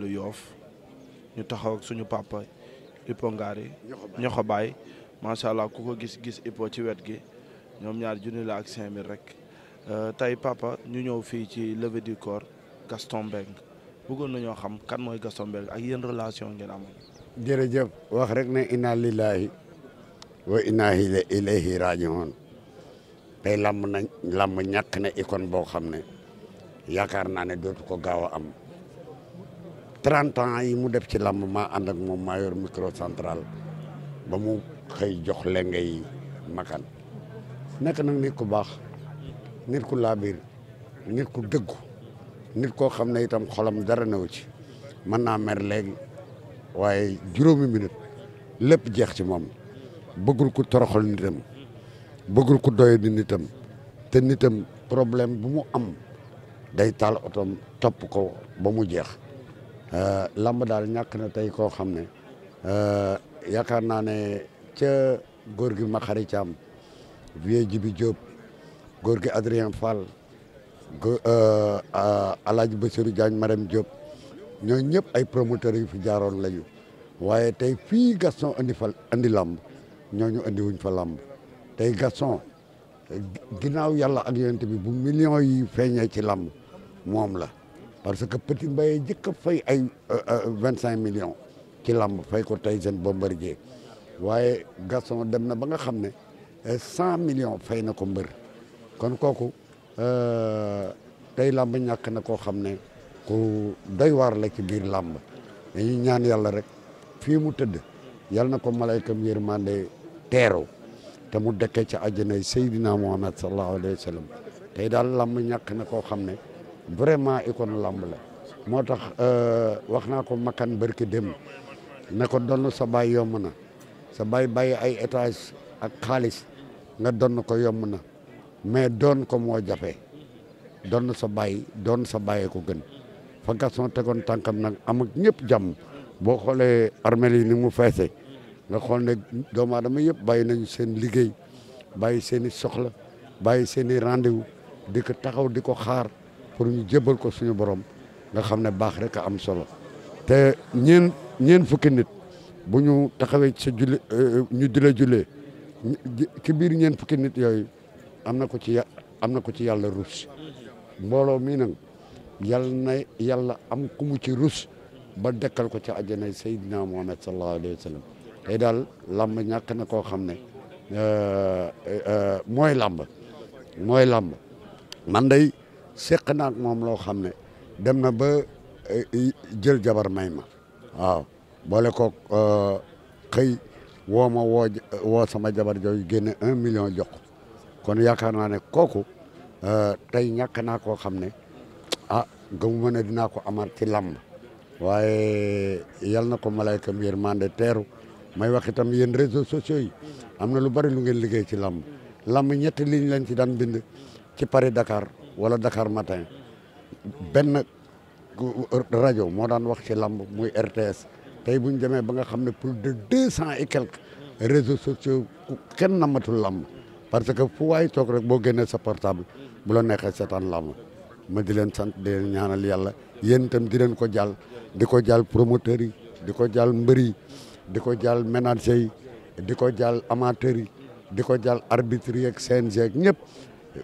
lu yoof ñu taxaw suñu papa Ipo Ngari ñoxobaay baay macha allah ku ko gis gis Ipo ci wet gi ñoom ñaar junni la ak cinq mille rek euh, tey papa ñu ñëw fii ci levée du corps Gaston Mbengue bëggoon nañoo xam kan mooy Gaston Mbengue ak yéen relation ngeen amoon. jërëjëf wax rek ne inna lillahi wa inna ilayhi rajiun tey làmb na làmb ñàkk na icône boo xam ne yaakaar naa ne dootu ko gaaw a am. 30 ans yi mu def ci làmb maa ànd ak yor micro central ba mu xëy jox lenge yi makan nek nag nit ku baax nit ku laabir nit ku dëggu nit koo xam ne itam xolam dara newu ci mën naa mer léegi waaye juróomi minute lépp jeex ci moom bëggul ku toroxal nitam bëggul ku doye nitam te nitam problème bu mu am day taal otom topp ko ba mu jeex Eh, lamb dal ñak na tay ko xamne euh yakar na ne ca góor makari Makhari Thiam vieux djibi job, gor gui Adrien Fall euh Alaaji Bassirou Diagne maram Diop ñooñu ñep ay promoteur yu fi jaaroon lañu waye tay fi Gaston andi fall andi làmb ñooñu andi wuñ fa lamb tay Gaston ginaaw yalla ak yent bi bu million yi feñe ci lamb mom la parce que petit mbaye jëk fay ay 25 euh, euh, millions ci lamb fay ko tay seen bombardier waye garçon dem na ba nga xamné 100 euh, millions fay na ko mbeur kon euh tay lamb ñak na ko xamné ku doy war la ci bir lamb ñi ñaan yalla rek fi mu teud yalla nako malaika malaykam mandé téro té mu dékké ci aljana sayyidina Muhammad sallallahu alayhi Wasallam, tay dal lamb ñak na ko xamné vraiment ikon lamb la motax euh waxna ko makkan barki dem ne ko donu sa bay yomna sa bay bay ay étage ak khalis nga donn ko yomna mais don ko mo jafe doon sa bay don sa baay ko gën fa son tegon tankam nak am ak ñepp jam bo xolé armel ni mu feese nga xol ne ma dama yëpp bay nañ seen liggéey bay seen soxla bay seen rendez-vous di taxaw di xaar pour ñu jébbal ko suñu borom nga xam ne baax rek am solo te ñeen ñeen fukki nit bu ñu taxawee ci sa julli euh, ñu di la jullee ci biir ñeen fukki nit yooyu am na ko ci am na ko ci yàlla rus mbooloo mii nag yàlla yàlla am ku mu ci rus ba dekkal ko ci àjjanay Seydina Muhammad sallallahu alayhi wa sallam tey daal làmb ñàkk na koo xam ne euh, euh, mooy làmb mooy làmb man day seq naak moom loo xam ne dem na ba eh, jël jabar may ma waaw boole ko euh, xëy woo ma woo woo sama jabar jooju génne un million jox kon yaakaar naa ne kooku euh, tey ñàkk naa koo xam ne ah gëmuma ne dinaa ko amaat ci làmb waaye yal na ko malaykam yërmande teeru may wax itam yéen réseaux sociaux yi am na lu bari lu ngeen liggéey ci làmb làmb ñetti ligne lañ ci daan bind ci Paris dakaar wala Dakar Matin benn rajo moo daan wax ci lamb muy RTS tey bu ñu demee ba nga xam ne plus de deux cent et quelques réseaux sociaux kenn namatul lamb parce que fu waay toog rek boo génnee sa portable bu la neexee seetaan lamb ma di leen sant di leen ñaanal yàlla yéen itam di leen ko jàll di ko jàll promoteurs yi di ko jàll mbër yi di ko jàll ménager yi di ko jàll amateurs yi di ko jàll arbitres yi ak CNG ak ñëpp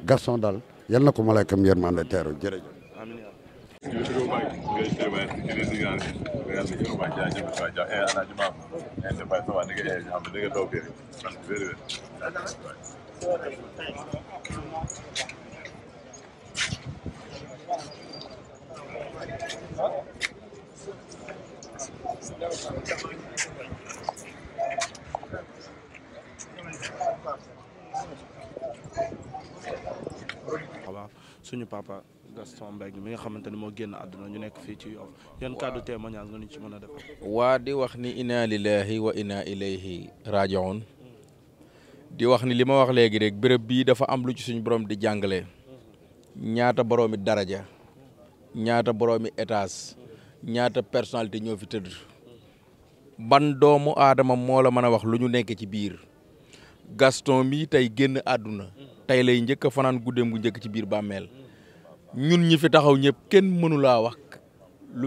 garson daal yal na ko malaykam yërmande teeru Thank you. suñu papa Gaston Mbengue mi nga xamante ni moo génn àdduna ñu nekk fii ci Yoff yan kàddu témoignage nga ñu ci mën a def waa di wax ni inna lillahi wa inna ilayhi rajiun di wax ni li ma wax léegi rek béréb bii dafa am lu ci suñu borom di jàngale ñaata boroomi daraja ñaata boroomi étage ñaata personnalité ñoo fi tëdd ban doomu aadama moo la mën a wax lu ñu nekk ci biir Gaston mii tey génn àdduna tey lay njëkk a fanaan guddeem gu Nyun ci biir bàmmeel ñun ñi fi taxaw ñëpp kenn mënu laa wax lu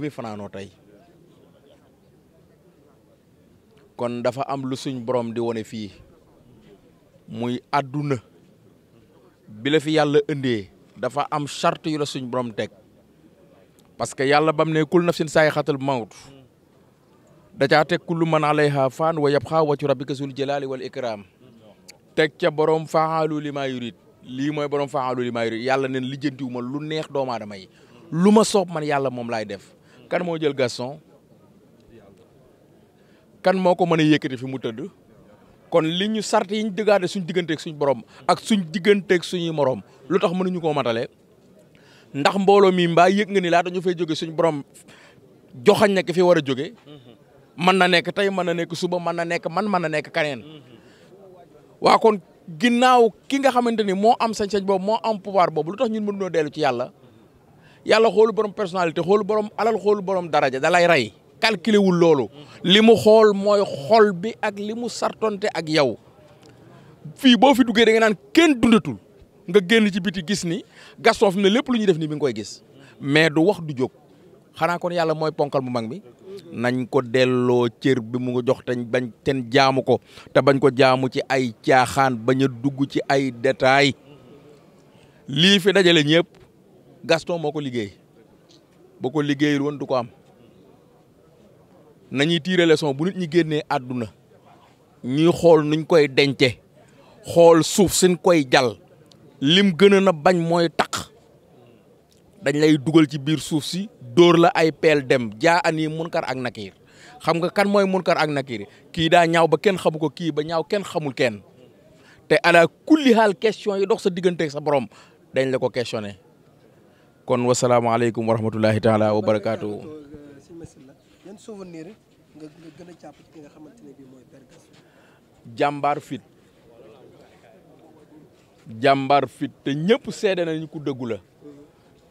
kon dafa am lu suñ borom di wone fii muy àdduna bi la fi yàlla indee dafa am charte yu la suñ borom teg parce que bam ne kul nafsin saay xatal mawt da caa teg kullu man alayha faan wa yabqa wajhu rabbika wal ikram. teg ca borom faaxaalu li maa yurit lii mooy borom faaxaalu li maa yurit yàlla neen lijjantiwu ma lu neex doomu aadama yi lu ma soob man yàlla moom lay def. kan moo jël Gaston kan moo ko mën a yëkkati fi mu tëdd kon li ñu sart yi ñu dëggaate suñ digganteek suñ borom ak suñ digganteeg suñuy morom lu tax mënuñu koo matale ndax mbooloo mi mbaa yëg nga ni laa dañu fay jóge suñ borom joxañ na ki fi war a jóge mën na nekk tey mën na nekk suba mën na nekk man mën na nekk wa kon ginnaw ki nga xamanteni mo am sañ-sañ boobu mo am pouvoir boobu lutax tax ñun mënunoo delu ci yalla yalla xoolu borom personnalité xoolu borom alal xoolu borom daraja da lay rey calculé wul lolu limu xol moy xol bi ak limu sartonté ak yaw fi bo fi duggé da nga nan kèn dundatul nga genn ci biti gis ni gasof fi ne lépp lu ñuy def ni mi ngi gis mais du wax du jog xanaa kon yàlla mooy ponkal mu mag mi nañ ko delloo cër bi mu jox te bañ ten jaamu ko te bañ ko jaamu ci ay caaxaan bañ dugg ci ay détails lii fi dajale ñëpp Gaston moo ko liggéey ba ko liggéeyul woon du ko am nañuy tiire leçon bu nit ñi génnee àdduna ñuy xool nuñ koy dencee xool suuf suñ koy jal lim gën a na bañ mooy taq dañ lay dugal ci biir suuf si dóor la ay pel dem jaa ani munkar ak nakir xam nga kan mooy munkar ak nakir kii daa ñaaw ba kenn xamu ko kii ba ñaaw kenn xamul kenn te ala kulli hal question yi dox sa diggante sa borom dañ la ko questionné kon alaykum wa rahmatullahi taala wa bergas jambar fit jambar fit te ñepp sédé nañ ku deggula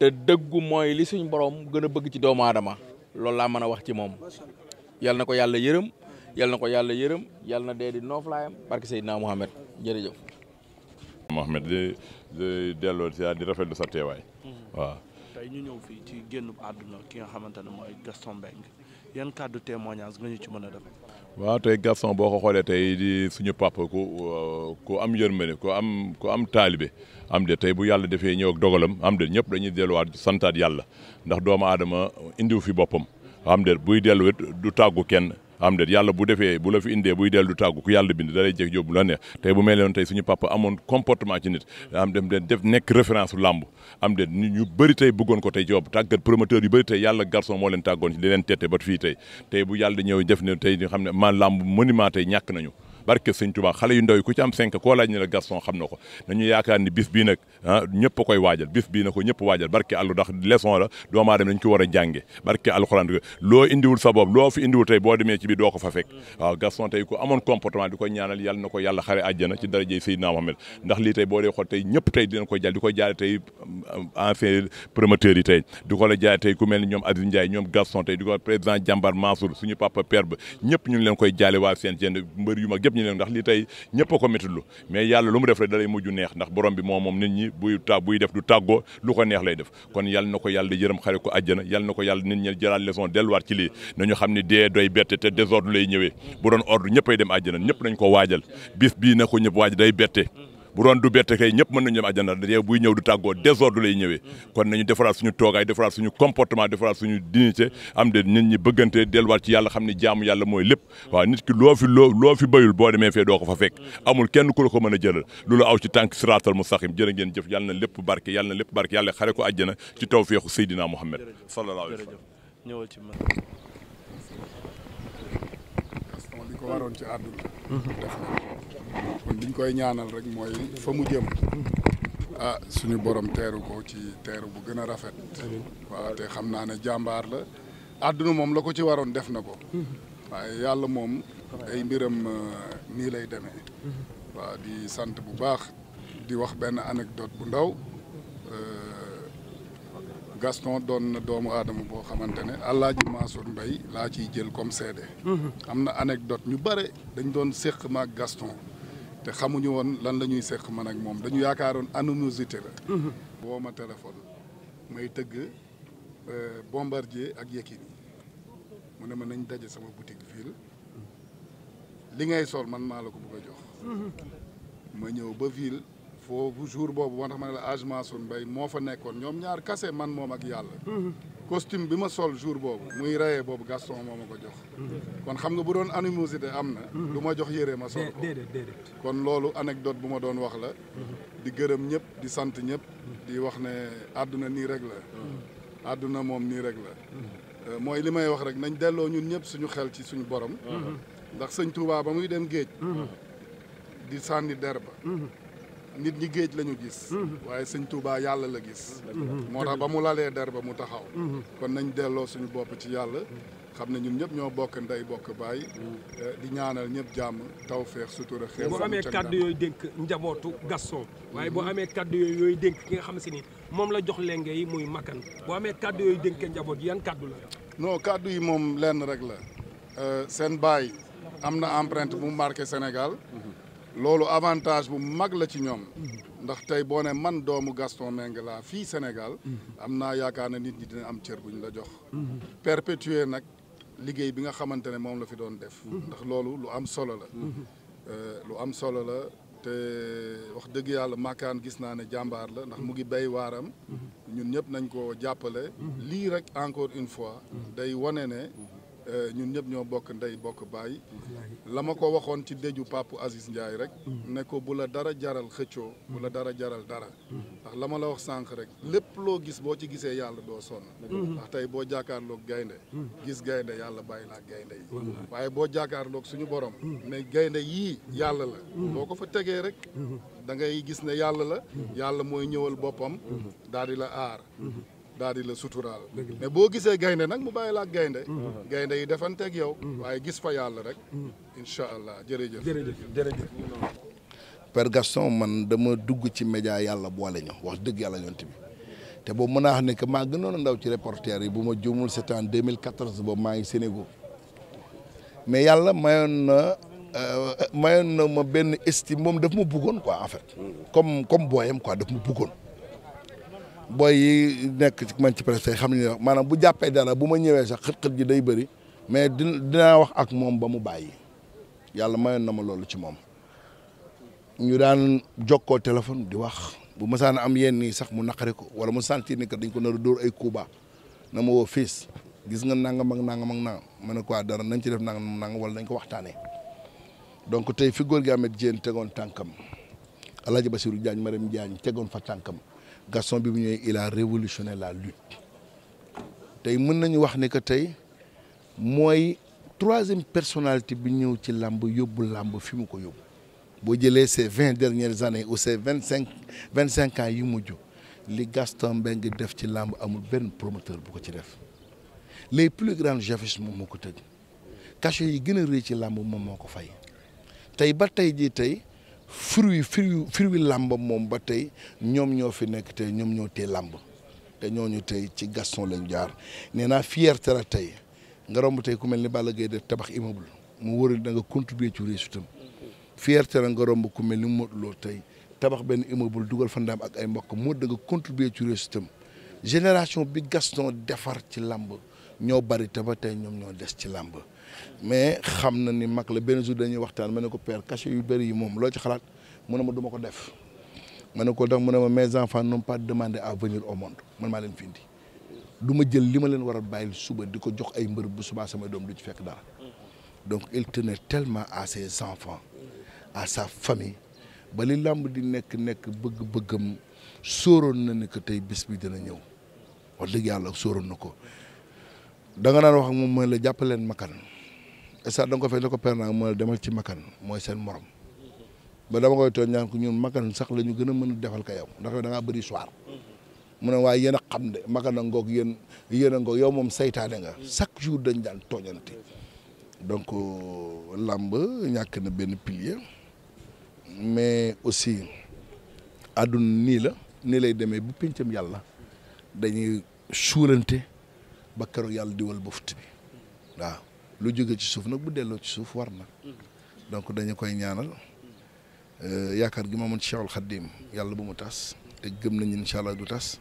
te dëggu mooy li suñ borom gën bëgg ci doomu aadama loolu laa mën a wax ci moom yal na ko yàlla yërëm yal na ko yàlla yërëm yal na dee di nooflaayam barke Seydina Mohamed jërëjëf. Mohamed di di delloo si di rafetlu sa teewaay. Mm-hmm. waaw. fii ci génn àdduna ki nga xamante ne mooy yan kàddu témoignage nga ñu ci mën a def. waaw tey Gaston boo ko xoolee tey di suñu papa ku uh, ku am ne ku am ku am taalibe am de tey bu yàlla defee ñëw dogalam am de ñëpp dañuy delluwaat santaat yàlla ndax doomu aadama indiwu fi boppam am de buy dellu du tàggu kenn. am déet yàlla bu defee bu la fi indee buy dellu tàggu ku yàlla bind dalay jeg yóbbu la neex tey bu mel noonu tey suñu papa amoon comportement ci nit am dem den def nekk référence làmb am déet nit ñu bëri tey bëggoon ko tey ci wopp tàggat promoteur yu bëri tey yàlla garçon moo leen tàggoon ci li leen tette ba fii tey tey bu yàlla ñëw def ne tey xam ne ma làmb monument tey ñàkk nañu barke sëñ Tuubaa xale yu ndaw yi ku ci am cinq koo laaj ne la Gaston xam na ko nañu yaakaar ni bis bii nag ah ñëpp a koy waajal bis bii na ko ñëpp waajal barke àllu ndax leçon la doomu aadama dañ ko war a jànge barke alxuraan loo indiwul sa bopp loo fi indiwul tey boo demee ci bi doo ko fa fekk waaw Gaston tey ku amoon comportement di ko ñaanal yàlla na ko yàlla xare àjjana ci darajey Seydina Muhammad ndax lii tey boo dee xool tey ñëpp tey dinañ ko jàll di ko jaale tey mm, ancien promoteur yi tey di ko la jaale tey ku mel ni ñoom Aziz Ndiaye ñoom Gaston tey di ko président Jambar Mansour suñu papa père ba ñëpp ñu ngi leen koy jaale waa seen mbër yu mag ñëpp ñu ne ndax lii tey ñëpp a ko métitlu mais yàlla lu mu def rek dalay mujj neex ndax borom bi moo moom nit ñi buy ta buy def du tàggoo lu ko neex lay def kon yàlla na ko yàlla yërëm xare ko àjjana yàlla na ko yàlla nit ñi jëlaat leçon delluwaat ci lii nañu xam ne dee doy bette te désordre lay ñëwee bu doon ordre ñëppay dem àjjana ñëpp nañ ko waajal bis bii na ko ñëpp waaj day bette bu doon du bette kay ñëpp mën nañu dem àjjana yow buy ñëw du tàggoo désordre lay ñëwee mm-hmm. kon nañu defaraat suñu toogaay defaraat suñu comportement defaraat suñu dignité am de nit ñi bëggante delluwaat ci yàlla xam ni jaamu yàlla mooy lépp mm-hmm. waaw nit ki loo fi loo loo fi bayul boo demee fee doo ko fa fekk mm-hmm. amul kenn ku la ko mën a jëlal loolu aw ci tànk siraatal mustaqim jërë ngeen jëf yàlla na lépp barke yàlla na lépp barke yàlla xare ko àjjana ci tawfeexu Seydina Muhammad sallallahu alayhi wa sallam ko waroon ci àdduna def na kon liñ koy ñaanal rek mooy fa mu jëm ah suñu boroom teeru ko ci teeru bu gën a rafet waaw te xam naa ne jàmbaar la àdduna moom la ko ci waroon def na ko waaye yàlla moom ay mbiram euh, nii lay demee mm-hmm. waaw di sant bu baax di wax benn anecdote bu ndaw euh, Gaston doon na doomu aadama boo xamante ne Alaaji Mansour Mbaye laa ciy jël comme seede mhm. am na anecdote ñu bare dañ doon séq maag Gaston te xamuñu woon lan lañuy ñuy séq man ak moom dañu yaakaaroon anonymité la mhm. woo ma téléphone may tëgg euh, Bombardier ak Yékini mu ne ma nañ daje sama boutique ville mhm. li ngay sol man maa la ko bëgg a jox ma ñëw ba ville foofu jour boobu moo tax ma ne la âge Mansour Mbaye moo fa nekkoon ñoom ñaar kase man moom ak yàlla costume bi ma sol jour boobu muy rayee boobu Gaston moo ma ko jox kon xam nga bu doon animosité am na du ma jox yére ma sol ko kon loolu anecdote bu ma doon wax la di gërëm ñëpp di sant ñëpp di wax ne àdduna nii rek la àdduna moom nii rek la euh, mooy li may wax rek nañ delloo ñun ñëpp suñu xel ci suñu borom ndax sëñ Touba ba muy dem géej di sànni der nit ñi géej la ñu gis mhm. waaye sëñ Touba yàlla la gis mhm. moo tax ba mu lalee der ba mu taxaw mhm. kon nañ delloo suñu bopp ci yàlla xam ne ñun ñëpp ñoo bokk ndey bokk baay eh, di ñaanal ñëpp jàmm taw feex sutura xeex boo amee kàddu yooyu dénk njabootu Gaston waaye boo amee kàddu yooyu dénk ki nga xam si ni moom la jox lenge yi muy makkan boo amee kàddu yooyu dénk njaboot yan kàddu la non kàddu yi moom lenn rek la euh, seen baay am na empreinte mu marqué Sénégal loolu avantage bu mag la ci ñoom ndax tey boo ne man doomu Gaston Mbengue fii Sénégal am naa yaakaar na nit ñi dina am cër bu ñu la jox perpétuer nag liggéey bi nga xamante ne moom la fi doon def ndax loolu lu am solo la euh, lu am solo la te wax dëgg yàlla Makane gis naa ne jàmbaar la ndax mu ngi béy waaram ñun ñëpp nañ ko jàppale lii rek encore une fois day wane ne Euh, ñun ñëpp ñoo bokk ndey bokk bàyyi la ma ko waxoon ci déju Pape asis Ndiaye rek mm. ne ko bu la dara jaral xëccoo bu la mm. dara jaral dara mm. ndax la ma la wax sànq rek lépp loo gis boo ci gisee yàlla doo sonn mm-hmm. ndax tey boo jaakaarloog gaynde gis gaynde yàlla bàyyi laa gaynde yi waaye boo jaakaarloog suñu borom ne gaynde yii yàlla la boo ko fa tegee rek mm-hmm. da ngay gis ne yàlla la yàlla mooy ñëwal boppam mm-hmm. daal la aar daal di la suturaal mais boo gisee gaynde nag mu bàyyi laa ak gaynde gaynde yi defanteeg yow waaye gis fa yàlla rek incha allah jërëjëf jërëjëf jërëjëf Père Gaston man dama dugg ci média yàlla boole ñu wax dëgg yàlla yonent bi te boobu mën a xam ne que maa gënoon a ndaw ci reporter yi bu ma juumul c'est en 2014 boobu maa ngi Sénégal mais yàlla mayoon na euh, na ma benn estime moom daf ma buggoon quoi en comme comme booyam quoi daf mu bëggoon booy yi nekk man ci presse xam nañu maanaam bu jàppee dara bu ma ñëwee sax xët-xët ji day bëri mais dina dinaa wax ak moom ba mu bàyyi yàlla ma na ma loolu ci moom. ñu daan jokkoo téléphone di wax bu mësaan am yenn nii sax mu naqari ko wala mu sentir ni que dañ ko nar a ay kuuba na ma woo fiis gis nga nangam ak nanga man nangam ma ne quoi dara nañ ci def nangam nangam wala nañ ko waxtaanee donc tey fi góor gi Ameth Diène tegoon tànkam. Alaaji Bassirou Diagne Marème Diagne tegoon fa tànkam Gaston bi mu ñëwee il a révolutionné la lutte tey mën nañu wax ne que tey mooy troisième personnalité bi ñëw ci làmb yóbbu làmb fi mu ko yóbbu boo jëlee ces vingt dernières années ou ces vingt cinq vingt cinq ans yu mujj li Gaston Mbengue def ci làmb amul benn promoteur bu ko ci def les plus grands javis moom moo ko tëj cachet yi gën a rëy ci làmb moom moo fay tey ba tey jii tey fruit fruit fruit làmb moom ba tey ñoom ñoo fi nekk tey ñoom ñoo téye làmb te ñooñu tey ci Gaston lañ jaar nee naa fierté la tey nga romb tey ku mel ni Balla Gaye def tabax immeuble mu wóor da nga contribuer ci réussitam fierté la nga romb mel ni Modou tey tabax benn immeuble dugal fa ak ay mbokk moo da nga contribuer génération bi Gaston defar ci làmb ñoo bari te ba tey ñoom ñoo des ci làmb mais xam na ni mag la benn jour dañuy waxtaan ma ne ko per cachet yu bëri yi moom loo ci xalaat mu ne ma duma ko def ma ne ko tax mu ne ma mes enfants n'ont pas demandé à venir au monde man maa leen fi indi du ma jël li ma leen war a bàyyil suba di ko jox ay mbër bu subaa samay doom du ci fekk dara donc il tenait tellement à ses enfants à sa famille ba li làmb di nekk nekk bëgg-bëggam sóoroon na ni que tey bés bi dina ñëw wax dëgg yàlla sóoroon na ko da nga wax ak moom mooy la jàppaleen makan stade da nga ko fekk ko père naa mën a demal ci makan mooy seen morom ba dama koy tooñ ñaan ko ñun makkan sax la ñu gën a mën defal ka yow ndax yow da ngaa bëri soir mu ne waaye yéen a xam de makkan a ngoog yéen yéen a ngoog yow moom saytaane nga chaque jour dañ daan tooñante donc euh, làmb ñàkk na benn pilier mais aussi àdduna nii la nii lay demee bu pencam yàlla dañuy suulante ba keroog yàlla diwal bëft bi lu jóge ci suuf nag bu delloo ci suuf war na donc dañu koy ñaanal euh, yaakaar gi ma amoon ci Cheikhul Khadim yàlla bu mu tas te gëm nañu incha allah du tas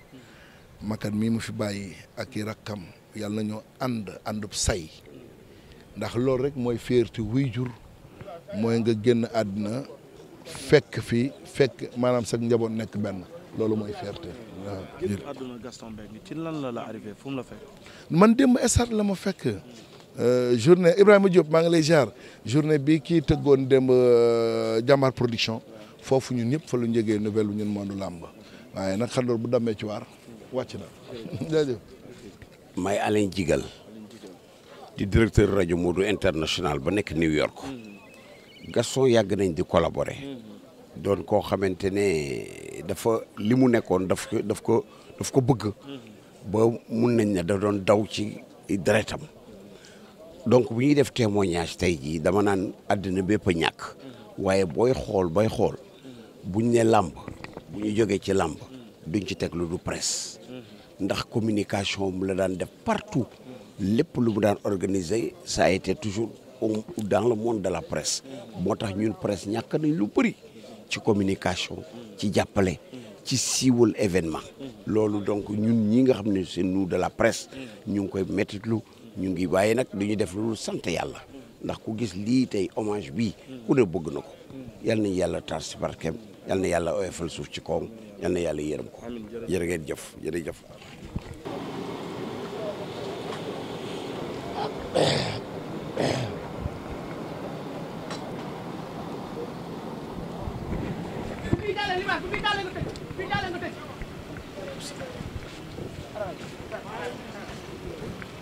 makat mii mu fi bàyyi ak i rakkam yàlla nañoo ànd àndub say ndax loolu rek mooy féerti wuy jur mooy nga génn àdduna fekk fi fekk maanaam sax njaboot nekk benn loolu mooy fierté waaw. génn ci lan la la la man démb esar la ma fekk. Euh, journée Ibrahima Diop maa ngi lay ziar journée bi kii tëggoon démb jàmbaar euh, production foofu ñun ñëpp fa lu njëgee nouvelle bu ñun du làmb waaye nag xandoor bu dammee ci waar wàcc na jaajëf. may Alain Jigal di directeur rajo Modou international ba nekk New York Gaston yàgg nañ di kolabore doon koo xamante ne dafa li mu nekkoon daf ko daf ko daf ko bëgg ba mun nañ ne da doon daw ci deretam donc bu ñuy def témoignage tey jii dama naan àddina bépp a ñàkk waaye booy xool booy xool buñ ne làmb bu ñu jógee ci làmb duñ ci teg lu du presse ndax communication mu la daan def partout lépp lu mu daan organiser ça a été toujours dans le monde de la presse moo tax ñun presse ñàkk nañ lu bëri ci communication ci jàppale ci siiwal événement loolu donc ñun ñi nga xam ne c'est nous de la presse ñu ngi koy mettitlu ñu ngi waaye nag du ñu def lu sant yàlla ndax ku gis lii tey hommage bii ku ne bëgg na ko yal nañu yàlla taar si barkeem na yàlla oyofal suuf ci kawam yal na yàlla yërëm ko jërë jëf jërëjëf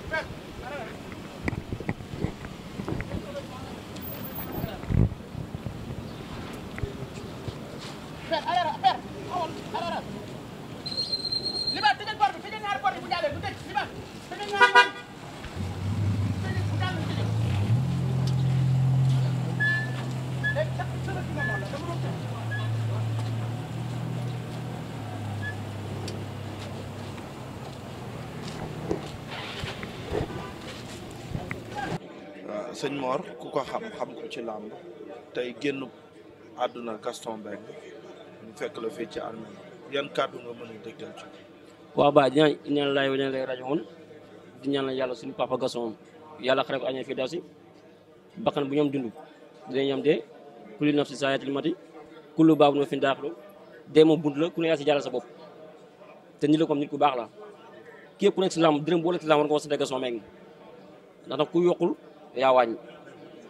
Thank sëñ Mor ku ko xam xam ko ci lamb tay gennu aduna Gaston Mbengue ñu fekk la fi ci armée yan kaddu nga mën deggal ci wa ba dina ñaan laay lay rajo won di ñaan la suñu papa Gaston yalla xare ko añee fi daw bakkan bu ñoom dund dina ñam de kulli nafsi sayatul mati kullu baabu na fi daaxlu dee moom la ku ne yaa si jàll sa bop te ni la ko nit ku bax la képp ku nek ci lamb dërëm bo la ci lamb war ko sa dégg Gaston Mbengue ndax ku yokul ya wañ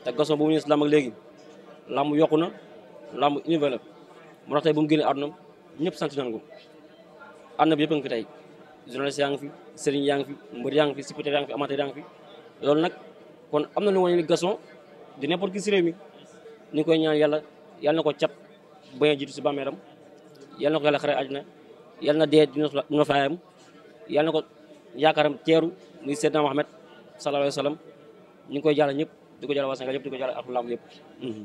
te gosso bu ñu ñëwee ak léegi lamb yokku na lamb innové na mu tax tey bu mu génnee àdduna ñepp sant nañ ko àdduna bi yëpp nga fi tay journaliste fi serigne yang fi mbër yaa fi supporter yaa fi amateur yaa fi lool nak kon amna na lu ni di n'importe qui si réew mi yala, koy ñaan yalla yalla nako ciap cat bañ a jiitu si bàmmeeram yàlla na ko yàlla xare àdduna yàlla na dé teru, faayam yàlla na ko yaakaaram muy sayyidna mohammed sallallahu alayhi Wasallam. ñu ngi koy jàll ñëpp du ko jàll waa Sénégal ñëpp di ko jàll ak lamb yëpp. Mhm.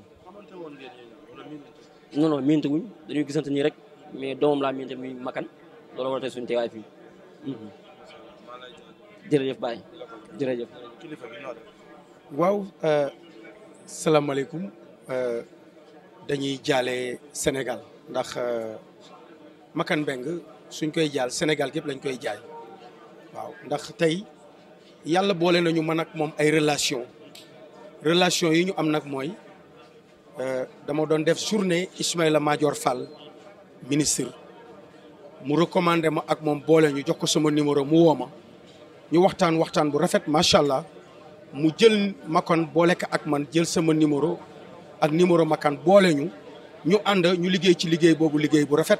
non non miintu dañuy gisante nii rek mais doom laa miinte muy makan loolu war a tey suñu teewaay fii. Mhm. jërëjëf Baye jërëjëf. waaw euh, salaamaaleykum euh, dañuy jaale Sénégal ndax euh, makan beng suñ koy jaal Sénégal gépp lañ koy jaay waaw ndax tey. yàlla boole nañu man ak moom ay relation relation yi ñu am nag mooy euh, dama doon def journée Ismaïla Madior Fall ministre mu recommandé ma ak moom boole ñu jox ko sama numéro mu woo ma ñu waxtaan waxtaan bu rafet macha allah mu jël Makan boole ko ak man jël sama numéro ak numéro Makan boole ñu ñu ànd ñu liggéey ci liggéey boobu liggéey bu rafet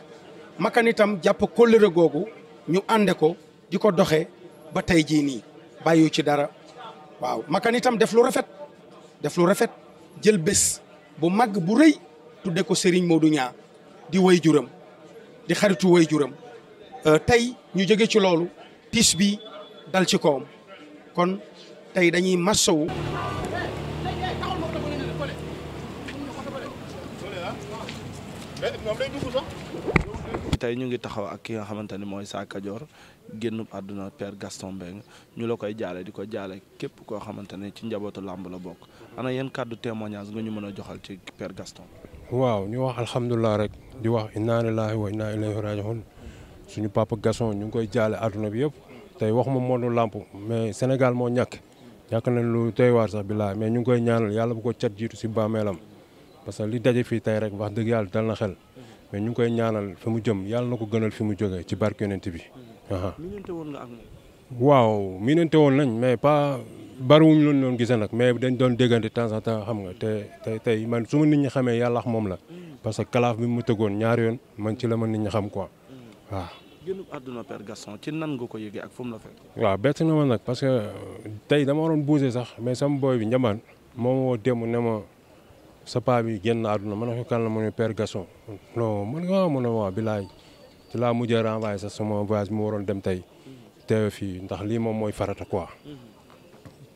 Makan itam jàpp kóllëre googu ñu ànde ko di ko doxe ba tey jii nii bayu ci dara waaw Makan itam def lu rafet def lu rafet jël bes bu mag bu reuy tudde ko Serigne Modou nya di way juram di xaritu way juram euh tay ñu jóge ci lolu tiis bi dal ci koom kon tay dañuy massowu tay ñu ngi taxaw ak ki nga xamante moy Sa kadior génnub àdduna père Gaston Mbengue ñu la koy jaale di ko jaale képp koo xamante ne ci njabootu làmb la bokk ana yéen kàddu témoignage nga ñu mën a joxal ci père Gaston. waaw ñu wax alhamdulilah rek di wax inna lillahi wa inna ilayhi raji'un suñu papa Gaston ñu ngi koy jaale àdduna bi yëpp tey waxuma moonu làmb mais Sénégal moo ñàkk ñàkk nañ lu doy waar sax billaay mais ñu ngi koy ñaanal yàlla bu ko cat jiitu si bàmmeelam parce que li daje fii tey rek wax dëgg yàlla dal na xel mais ñu ngi koy ñaanal fi mu jëm yàlla na ko gënal fi mu jógee ci barke yonent bi miinante woon nga ak waaw miinante woon nañ mais pas bariwuñ loolu noonu gisee nag mais dañ doon déggante de temps en xam nga te te tey man su ma nit ñi xamee yàlla ak moom la. Mm. parce que kalaaf bi mu tëggoon ñaari yoon man ci la ma nit ñi xam quoi mm. waaw. génn àdduna ci nan nga ko yëgee ak fu mu la waaw bett na ma nag parce que tey dama waroon bougé sax mais sama boy bi njambaan moom woo dem ne ma sa paa bi génn àdduna ma ne ko la mu ne Père Gaston non man nga ma ne waa ah, bilaay ci laa mujjee renvoyé sax sama voyage mu waroon dem tey teewe fii ndax lii moom mooy farata quoi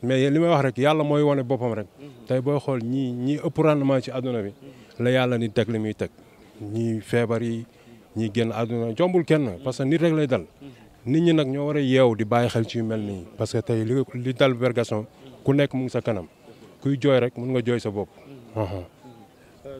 mais li may wax rek yàlla mooy wane boppam rek tey booy xool ñii ñii ëpp rendement ci àdduna bi la yàlla ni teg li muy teg ñii feebar yi ñii génn àdduna jombul kenn parce que nit rek lay dal nit ñi nag ñoo war a yeew di bàyyi xel ci yu mel nii parce que tey li li dal Vergasson ku nekk mu ngi sa kanam kuy jooy rek mun nga jooy sa bopp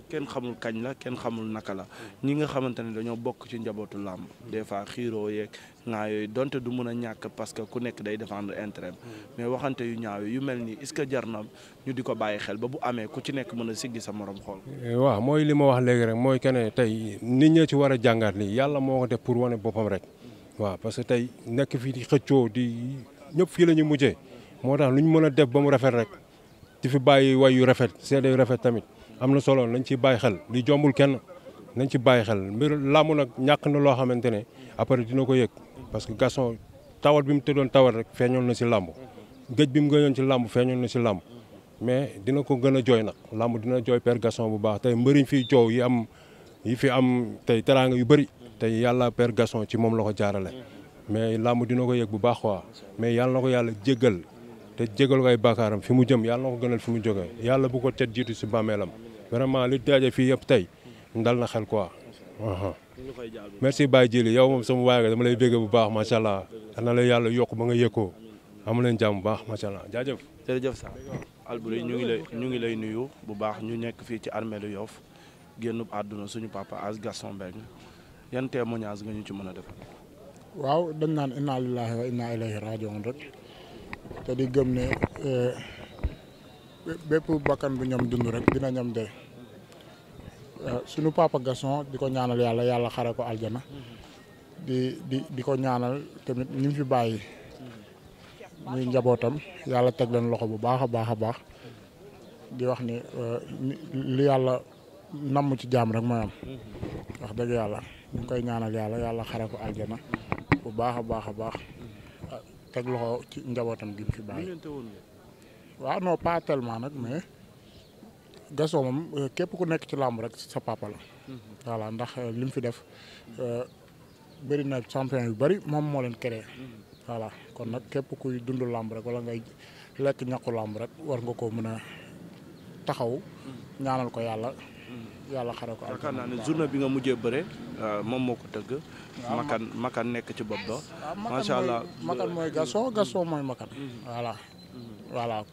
kenn xamul kañ la kenn xamul naka la ñi nga xamante ne dañoo bokk ci njabootu làmb des fois xiiroo yeeg ngaa yooyu donte du mën a ñàkk parce que ku nekk day défendre intérêt mais waxante yu ñaaw yu mel nii est-ce que jar na ñu di ko bàyyi xel ba bu amee ku ci nekk mën a siggi sa moroom xool. Eh, waaw mooy li ma wax léegi rek mooy que tey nit ñi ci war a jàngaat lii yàlla moo ko def pour wane boppam rek waaw parce que tey nekk fii di xëccoo di ñëpp fii la ñu mujjee moo tax lu ñu mën a def ba mu rafet rek di fi bàyyi way yu rafet seede yu rafet tamit. am na solo nañ ci bàyyi xel li jombul kenn nañ ci bàyyi xel mbir làmb nag ñàkk na loo xamante ne après dina ko yëg parce que Gaston tawat bi mu tëddoon tawat rek feeñoon na si làmb géej bi mu gëñoon ci làmb feeñoon na si làmb mais dina ko gën a jooy nag làmb dina jooy Père Gaston bu baax tey mbëriñ fii joow yi am yi fi am tey teraanga yu bëri tey yàlla Père Gaston ci moom la ko jaarale mais làmb dina ko yëg bu baax quoi mais yàlla ko yàlla jéggal te jéggal ko ay baakaaram fi mu jëm yàlla na ko gënal fi mu jógee yàlla bu ko jiitu si bàmmeelam vraiment lu daje fi yëpp tey ndal na xel quoi. merci Baye Djili yow moom sama waay nga dama lay bégg bu baax macha allah dana la yàlla yokk ba nga yëkkoo am leen jàmm bu baax macha allah jaajëf. jërëjëf sa Alboury ñu ngi lay ñu ngi lay nuyu bu baax ñu nekk fii ci armée lu Yoff génnub àdduna suñu papa as Gaston Mbengue yan témoignage nga ñu ci mën a def. waaw dañ naan inna lillahi wa inna ilayhi rajiun rek te di gëm ne. Euh, bépp bakkan bu ñoom dund rek dina ñoom de euh, suñu papa Gaston di ko ñaanal yàlla yàlla xare ko aljana di di ko ñaanal tamit ñi fi bàyyi muy njabootam yàlla teg leen loxo bu baax a baax a baax di wax ni euh, li yàlla namm ci jaam rek mooy yàlla koy ñaanal yàlla yàlla xare ko a baax a baax teg loxo ci njabootam gi fi bàyyi waaw no pa tellement nag mais gasoo moom euh, képp ku nek ci làmb rek sa papa la. Mhm. voilà ndax euh, li fi def euh, na champion yu mam moom moo leen créé. Mhm. voilà kon nag képp kuy dund làmb rek wala ngay lekk ñàkku làmb rek war nga ko mën a taxaw. Mhm. ñaanal ko yàlla. yàlla xare ko yaakaar naa journée bi nga mujjee bëre moom moo makan makan nekk ci bopp makan mooy gaso gaso mooy makan voilà voilà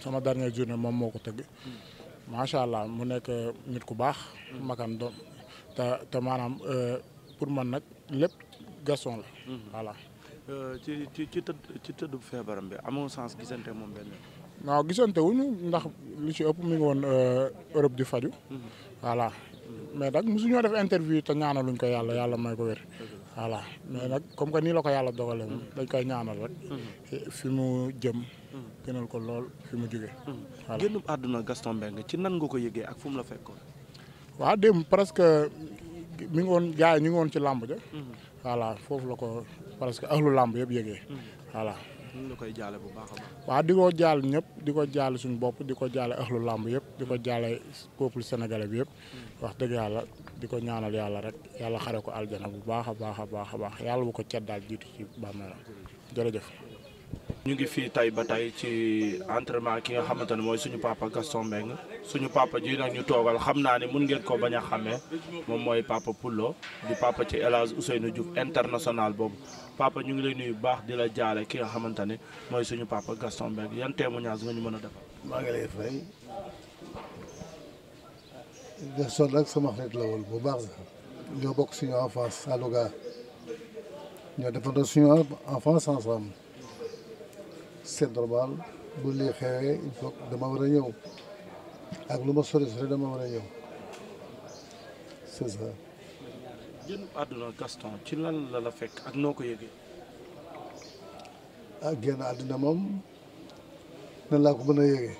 sama dernière journée moom moo ko tëgg macha allah mu nekk nit ku baax. makan doon te te maanaam euh, pour man nag lépp Gaston la. Mhm. voilà. Euh, ci ci ci tëdd ci tëdd feebaram bi amoo sens gisante moom benn non gisante wuñu ndax lu ci ëpp mu ngi woon euh, Europe di faju mhm. voilà mhm. mais nag mosu ñoo def interview te ñaanaluñ ko yàlla yàlla may ko wér. voilà mais nag comme que nii la ko yàlla dogalee dañ koy ñaanal rek. fi jëm. gënal ko lool mu jóge voilà génnum àdduna Gaston Mbengue ci nan ko yëgee ak fu la fekkoon. waaw démb presque mu ngi woon gars yi ñu ngi woon ci làmb ja. voilà foofu la ko presque ahlu làmb yëpp yëgee. voilà. ñu ngi koy jaale bu di ko jaal ñëpp di ko jaal suñu bopp di ko jaale ahlu làmb yëpp di ko jaale peuple sénégalais bi yëpp. wax dëgg yàlla di ko ñaanal yàlla rek yàlla xare ko aljana bu baax a baax a baax a baax yàlla bu ko cet daal jiitu ci bàmmeelam jërëjëf. ñu ngi fii tey ba tey ci entraînement ki nga xamante ne mooy suñu papa Gaston Mbengue suñu papa ji ñu toogal xam naa ni mun ngeen ko bañ a xàmmee moom mooy papa Pullo di papa ci El Hadj Ousseynou Diouf international boobu papa ñu ngi lay nuyu bu baax di la jaale ki nga xamante ne mooy suñu papa Gaston Mbengue yan témoignage nga ñu mën a defal. maa ngi lay fay sol nag sama xarit la bu baax la ñoo bokk suñu enfance à ñoo defandoo suñu enfance ensemble c'est normal bu lii il faut dama war ñëw ak lu ma sori sori dama war a ñëw c'est ça. génn ci lan la la fekk ak noo ko yëgee. ah génn àdduna moom nan laa ko mën a yëgee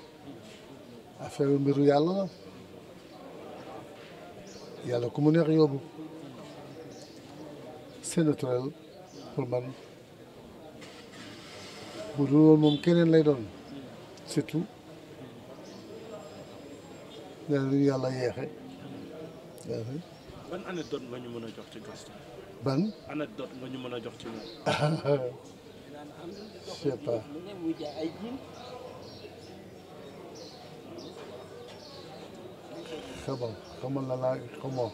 affaire mbiru yàlla yàlla ku mu neex yóbbu c'est naturel pour man bu dul woon moom keneen lay doon surtout yàlla nañu yàlla yeexe ban anecdote nga ñu mën a jox ci Gaston. ban anecdote nga ñu mën a jox ci moom. je خبر خمر لنا خمر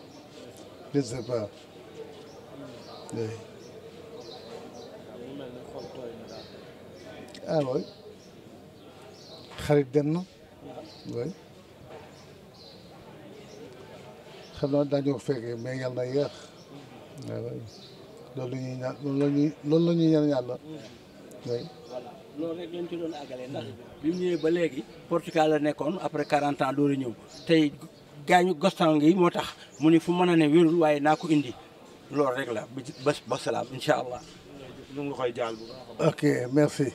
xarit dem na oui xam naa daañu fekkee mais yàlla na yéex waaw ah, waaw loolu la ñuy ñaan loolu la ñuy loolu la ñuy ñaan yàlla oui. voilà loolu rek lañ ci doon bi mu ñëwee ba léegi Portugal la nekkoon après 40 ans dooru ñëw tey gaañu gostan gi moo tax mu ni fu mën a ne wérul waaye naa ko indi loolu rek la ba ba salaam incha allah. ñu ngi koy jaal bu ok merci.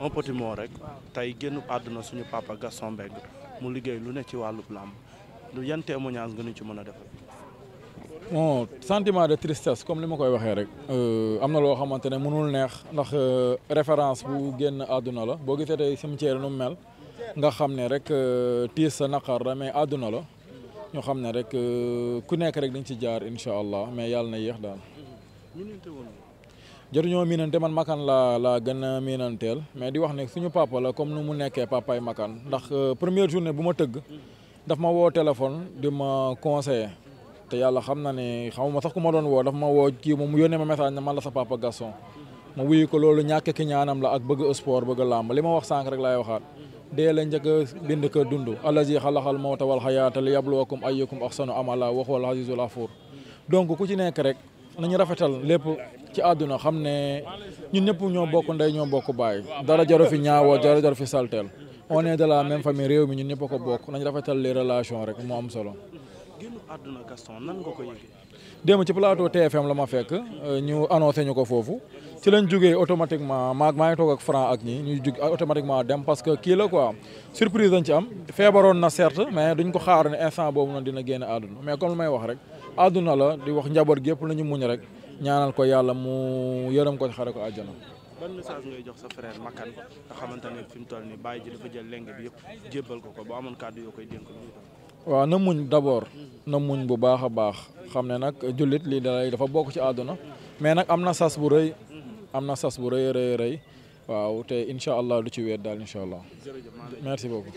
un petit mot rek tey génn àdduna suñu papa Gaston Mbengue mu liggéey lu nekk ci wàllub làmb lu yan témoignage nga ñu ci mën a defal. moo sentiment de tristesse comme li ma koy waxee rek. Euh, am na loo xamante ne mënul neex ndax euh, référence bu génn àdduna la boo gisee tey cimetière nu mel nga xam ne rek euh, tiis sa naqar la mais àdduna la ñu xam ne rek ku nekk rek dañ ci jaar incha allah mais yàlla na yéex daal. jërëñoo miinante man Makan la la gën a miinanteel mais di wax ne suñu papa la comme nu mu nekkee papaay Makan ndax euh, première journée bu ma tëgg daf ma woo téléphone di ma conseiller te yàlla xam na ne xamuma sax ku ma doon woo daf ma woo kii moom mu yónnee ma message ne man la sa papa Gaston ma wuyu ko loolu ñàkk ki ñaanam la ak bëgg sport bëgg làmb li ma wax sànq rek laay waxaat dee la njëkk a bind ko dund allazi xalaxal mawta wal xayaata li yabluwakum ayyukum axsanu amala waxu wal azizul afuur donc nañu rafetal lépp ci àdduna xam ne ñun ñëpp ñoo bokk ndey ñoo bokk baay dara jaru fi ñaawoo dara jaru fi salteel on est de la même famille réew mi ñun ñëpp a ko bokk nañ rafetal les relations rek moo am solo. génn àdduna Gaston nan nga ko yëgee. démb ci plateau TFM la ma fekk euh, ñu annoncé ñu ko foofu ci lañ jugee automatiquement maa maa ngi toog ak Franc ak ñi ñu jug automatiquement dem parce que kii la quoi surprise dañ ci am feebaroon na certes mais duñ ko xaar ne instant boobu noonu dina génn àdduna mais comme may wax rek. àdduna la di wax njaboot gépp nañu muñ rek ñaanal ko yàlla mu yërëm ko xare ko àjjana. ban jox sa frère Makan xamante ne fi mu toll nii bàyyi ji dafa jël leng yëpp jébbal ko ko ba amoon kàddu yoo koy dénk waaw na muñ d'abord na muñ bu baax a baax xam ne nag jullit lii dalay dafa bokk ci àdduna mais nag am na sas bu rëy am na sas bu rëy rëy rëy waaw te incha allah du ci wéet daal incha allah merci beaucoup.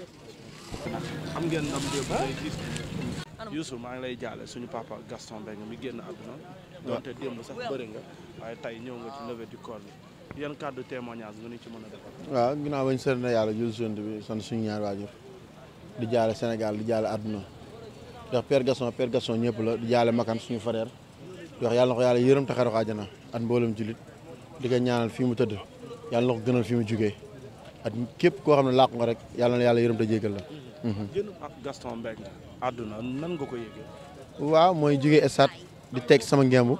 Youssou maa ngi lay jaale suñu papa Gaston Mbengue mi génn àdduna donte démb sax bëri nga waaye tey ñëw nga ci levée du corps bi yan kàddu témoignage nga ñu ci mën a defal waaw ginnaaw bañ sant na yàlla jul sent bi sant suñu ñaar waajur di jaale Sénégal di jaale àdduna ndax Père Gaston Père Gaston ñëpp la di jaale Makan suñu frère di yàlla na ko yàlla yërëm taxaru àjjana at mboolem jullit di ko ñaanal fii mu tëdd yàlla na ko gënal fii mu jugee at képp koo xam ne làqu nga rek yàlla na yàlla yërëm te jéggal la génn mm-hmm. ak Gaston Mbengue àdduna nan nga waaw mooy jugee stade di teg sama ngemb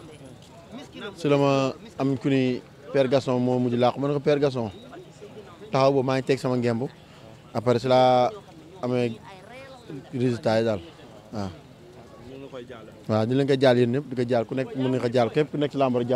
si la ma am ku ni Gaston moo mujj làqu ma ne ko Père Gaston taxaw boobu maa ngi teg sama ngemb après si laa amee résultat yi daal waaw. waaw di leen ko jaal yéen ñëpp di ko jaal ku nekk mën nga ko jaal képp ku nekk si làmbar jaal